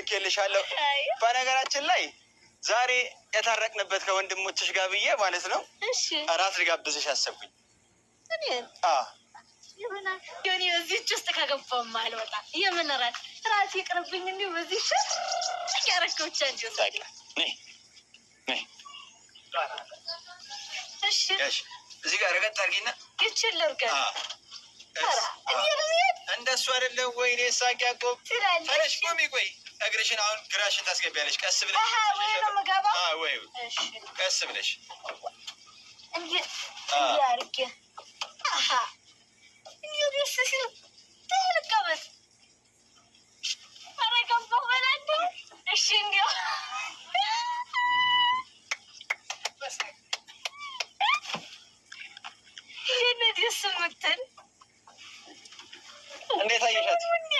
ልኬልሻለሁ። በነገራችን ላይ ዛሬ የታረቅንበት ከወንድሞችሽ ጋር ብዬ ማለት ነው። እራት ልጋብዝሽ አሰብኩኝ። ሆኔ በዚህች ውስጥ ከገባም አልወጣም። የምን እራት እራት ይቅርብኝ። እንዲ በዚህች ውስጥ ያረከው ብቻ እንዲ እዚህ ጋር ረገጥ አድርጊና ይችን ልርገ እንደሱ አይደለም ወይ? ሳቅ ያቆብ ተነሽ ቆሚ ቆይ እግርሽን አሁን ግራሽን ታስገቢያለሽ። ቀስ ብለሽ ወይ ቀስ ብለሽ እንዴት አየሻት?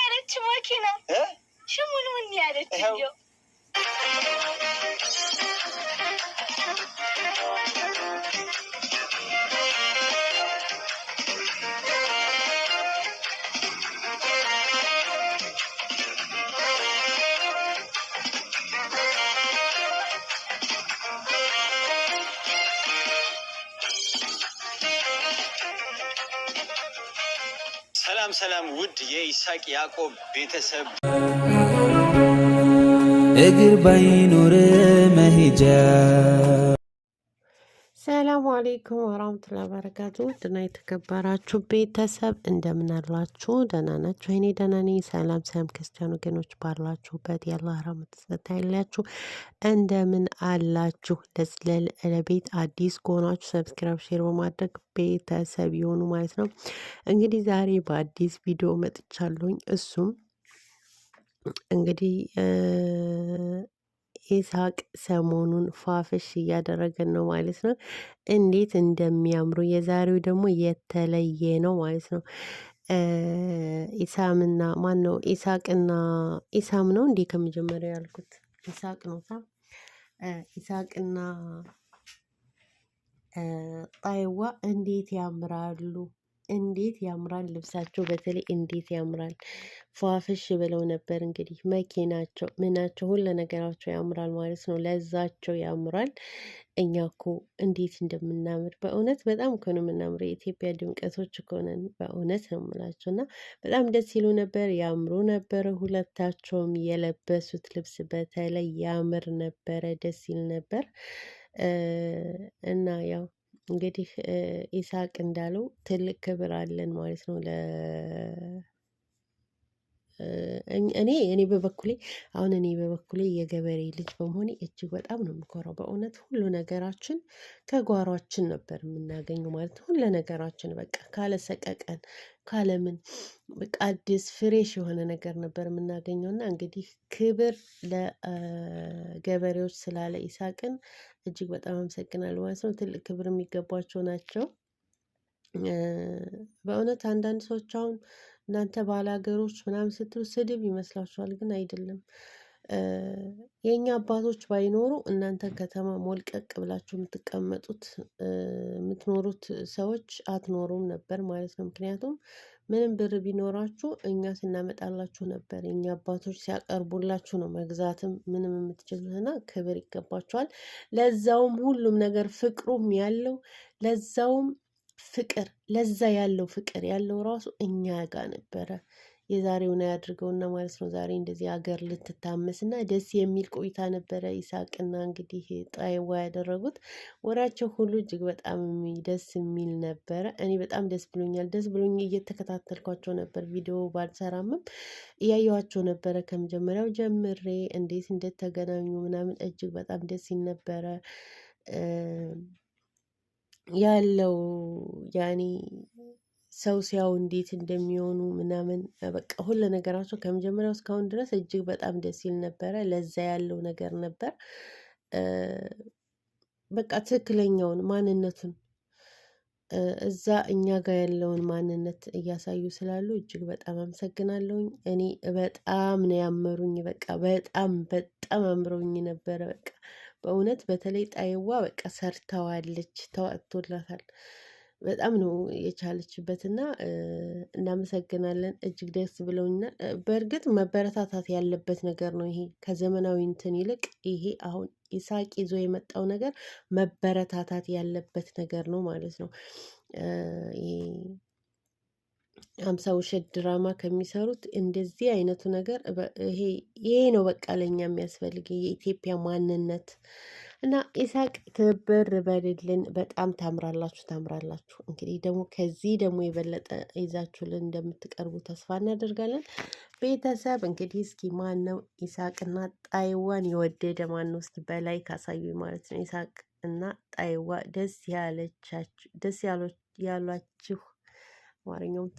ያለች መኪና ሽሙን ምን ያለች ሰላም ሰላም፣ ውድ የይስሐቅ ያዕቆብ ቤተሰብ እግር ባይኖር መሄጃ። ሰላሙ አሌይኩም ወራህመቱላሂ ወበረካቱ። ውድና የተከበራችሁ ቤተሰብ እንደምን አላችሁ? ደህና ናችሁ? እኔ ደህና ነኝ። ሰላም ሰላም ክርስቲያን ወገኖች ባላችሁበት የአላህ ራህመት ይላችሁ። እንደምን አላችሁ? ለዝለል ለቤት አዲስ ከሆናችሁ ሰብስክራይብ፣ ሼር በማድረግ ቤተሰብ የሆኑ ማለት ነው። እንግዲህ ዛሬ በአዲስ ቪዲዮ መጥቻለሁኝ እሱም እንግዲህ ኢሳቅ ሰሞኑን ፏፍሽ እያደረገ ነው ማለት ነው። እንዴት እንደሚያምሩ የዛሬው ደግሞ የተለየ ነው ማለት ነው። ኢሳምና ማን ነው? ኢሳቅና ኢሳም ነው እንዴ? ከመጀመሪያ ያልኩት ኢሳቅ ነው። ሳ ኢሳቅና ጣይዋ እንዴት ያምራሉ! እንዴት ያምራል ልብሳቸው! በተለይ እንዴት ያምራል! ፏፍሽ ብለው ነበር። እንግዲህ መኪናቸው፣ ምናቸው፣ ሁሉ ነገራቸው ያምራል ማለት ነው። ለዛቸው ያምራል። እኛ እኮ እንዴት እንደምናምር በእውነት በጣም እኮ ነው የኢትዮጵያ ድምቀቶች እኮ ነን በእውነት ነው የምላቸው። እና በጣም ደስ ይሉ ነበር፣ ያምሩ ነበረ። ሁለታቸውም የለበሱት ልብስ በተለይ ያምር ነበረ፣ ደስ ይል ነበር እና ያው እንግዲህ ኢሳቅ እንዳለው ትልቅ ክብር አለን ማለት ነው ለ እኔ እኔ በበኩሌ አሁን እኔ በበኩሌ የገበሬ ልጅ በመሆኔ እጅግ በጣም ነው የምኮራው። በእውነት ሁሉ ነገራችን ከጓሯችን ነበር የምናገኘው ማለት ሁሉ ነገራችን በቃ ካለ ሰቀቀን ካለ ምን በቃ አዲስ ፍሬሽ የሆነ ነገር ነበር የምናገኘው እና እንግዲህ ክብር ለገበሬዎች ስላለ ይሳቅን እጅግ በጣም አመሰግናለሁ ማለት ነው። ትልቅ ክብር የሚገባቸው ናቸው። በእውነት አንዳንድ ሰዎች አሁን እናንተ ባለ ሀገሮች ምናምን ስትሉ ስድብ ይመስላችኋል፣ ግን አይደለም። የእኛ አባቶች ባይኖሩ እናንተ ከተማ ሞልቀቅ ብላችሁ የምትቀመጡት የምትኖሩት ሰዎች አትኖሩም ነበር ማለት ነው። ምክንያቱም ምንም ብር ቢኖራችሁ እኛ ስናመጣላችሁ ነበር። የእኛ አባቶች ሲያቀርቡላችሁ ነው መግዛትም ምንም የምትችሉትና ክብር ይገባችኋል። ለዛውም ሁሉም ነገር ፍቅሩም ያለው ለዛውም ፍቅር ለዛ ያለው ፍቅር ያለው ራሱ እኛ ጋ ነበረ። የዛሬውን ያድርገውና ማለት ነው። ዛሬ እንደዚህ ሀገር ልትታመስና ደስ የሚል ቆይታ ነበረ። ይሳቅና እንግዲህ ጣይዋ ያደረጉት ወራቸው ሁሉ እጅግ በጣም ደስ የሚል ነበረ። እኔ በጣም ደስ ብሎኛል። ደስ ብሎኝ እየተከታተልኳቸው ነበር። ቪዲዮ ባልሰራምም እያየኋቸው ነበረ ከመጀመሪያው ጀምሬ እንዴት እንደተገናኙ ምናምን እጅግ በጣም ደስ ይል ነበረ። ያለው ያኔ ሰው ሲያው እንዴት እንደሚሆኑ ምናምን በቃ ሁሉ ነገራቸው ከመጀመሪያው እስካሁን ድረስ እጅግ በጣም ደስ ይል ነበረ። ለዛ ያለው ነገር ነበር። በቃ ትክክለኛውን ማንነቱን እዛ እኛ ጋር ያለውን ማንነት እያሳዩ ስላሉ እጅግ በጣም አመሰግናለሁኝ። እኔ በጣም ነው ያመሩኝ። በቃ በጣም በጣም አምረውኝ ነበረ በቃ በእውነት በተለይ ጣይዋ በቃ ሰርተዋለች ተዋጥቶላታል። በጣም ነው የቻለችበት እና እናመሰግናለን። እጅግ ደስ ብለውኛል። በእርግጥ መበረታታት ያለበት ነገር ነው ይሄ ከዘመናዊ እንትን ይልቅ ይሄ አሁን ይሳቅ ይዞ የመጣው ነገር መበረታታት ያለበት ነገር ነው ማለት ነው። አምሳ ውሸት ድራማ ከሚሰሩት እንደዚህ አይነቱ ነገር ይሄ ነው። በቃ ለኛ የሚያስፈልግ የኢትዮጵያ ማንነት እና ኢሳቅ ክብር በልልን። በጣም ታምራላችሁ፣ ታምራላችሁ። እንግዲህ ደግሞ ከዚህ ደግሞ የበለጠ ይዛችሁልን እንደምትቀርቡ ተስፋ እናደርጋለን። ቤተሰብ እንግዲህ እስኪ ማን ነው ኢሳቅና ጣይዋን የወደደ ማን ውስጥ በላይ ካሳዩ ማለት ነው። ኢሳቅ እና ጣይዋ ደስ ያሏችሁ ማንኛውም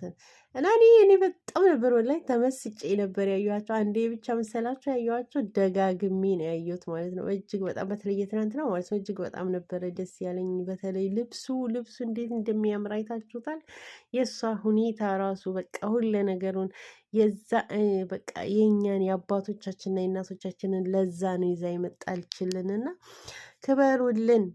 እና እኔ እኔ በጣም ነበር ወላሂ ተመስጬ ነበር ያየኋቸው። አንዴ ብቻ መሰላቸው ያየኋቸው፣ ደጋግሜ ነው ያየሁት ማለት ነው። እጅግ በጣም በተለየ ትናንትና ማለት ነው እጅግ በጣም ነበረ ደስ ያለኝ። በተለይ ልብሱ ልብሱ እንዴት እንደሚያምር አይታችሁታል። የእሷ ሁኔታ ራሱ በቃ ሁለ ነገሩን የዛ በቃ የእኛን የአባቶቻችንና የእናቶቻችንን ለዛ ነው ይዛ ይመጣልችልንና ክበሩልን።